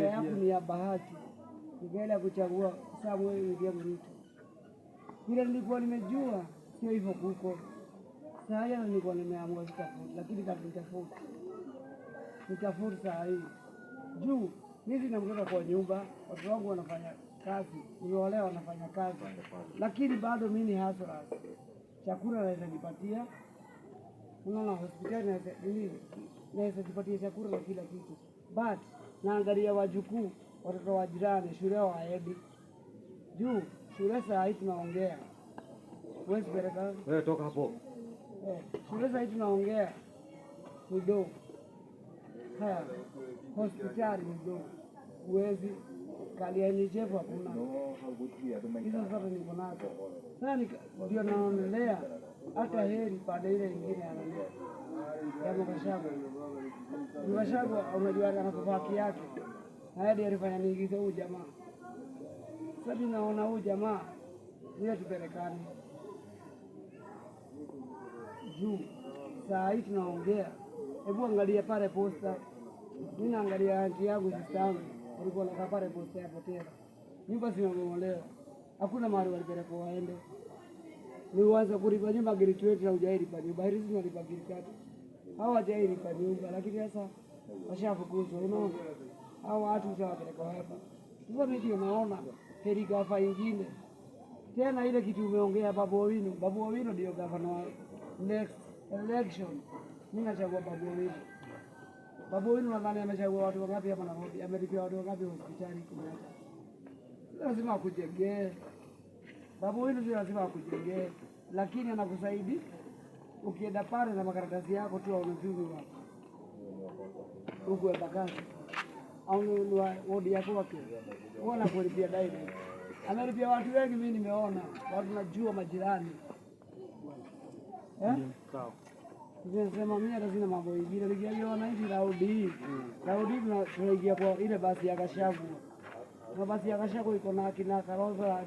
yangu ni ya bahati, nikaenda kuchagua Samuel William Ruto. Vile nilikuwa nimejua sio hivyo kuko sahaya, nilikuwa nimeamua vitofauti, lakini kavitofauti vitofauti saa hii juu mimi na kwa nyumba, watu wangu wanafanya kazi, nimeolewa, wanafanya kazi, lakini bado mimi ni hasara, chakula naweza nipatia unaona hospitali naweza jipatia chakula na kila kitu, but naangalia wajukuu, watoto wa jirani, shule waedi juu shule saa hii tunaongea, huwezi peleka wewe, toka hapo eh, shule saa hii tunaongea midogo, haya hospitali midogo, huwezi kalialijevu hakuna hizo zote niko nazo. Sasa ndio naonelea hata heri baada ile ingine ya Mukashago. Mukashago unajua anakuvaki yake hadi alifanya niingize huyu jamaa. Sasa naona huyu jamaa niye tupelekane juu saa hii tunaongea, hebu angalia pale posta, mimi naangalia anti yangu sistangu walikuwa nakaa pale Butea, nyumba zinabomolewa, hakuna mahali walipeleka waende. Ni uanze kulipa nyumba giriti wetu na ujahilipa nyumba hili zinalipa girikatu hawa wajahilipa nyumba, lakini sasa washafukuzwa. Unaona hawa watu utawapeleka wapi? Sasa mimi ndio naona heri gafa ingine tena ile kitu umeongea Babu Owino. Babu Owino ndio gavana wa next election, mimi nachagua Babu Owino. Babu wenu nadhani ameshaua watu wangapi hapa Nairobi? Amelipia watu wangapi hospitali Lazima akujengee. Babu wenu ndio lazima akujengee, lakini anakusaidi ukienda pale na makaratasi yako tu aunazuru wako huku aununua wodi yako wake wana kulipia daima. Amelipia watu wengi, mimi nimeona watu, najua majirani eh? Zinasema mimi hata sina mambo hivi, ila nikiambia wananchi naudi naudi, tunaingia kwa ile basi ya Kashavu, na basi ya Kashavu iko na kina Karoza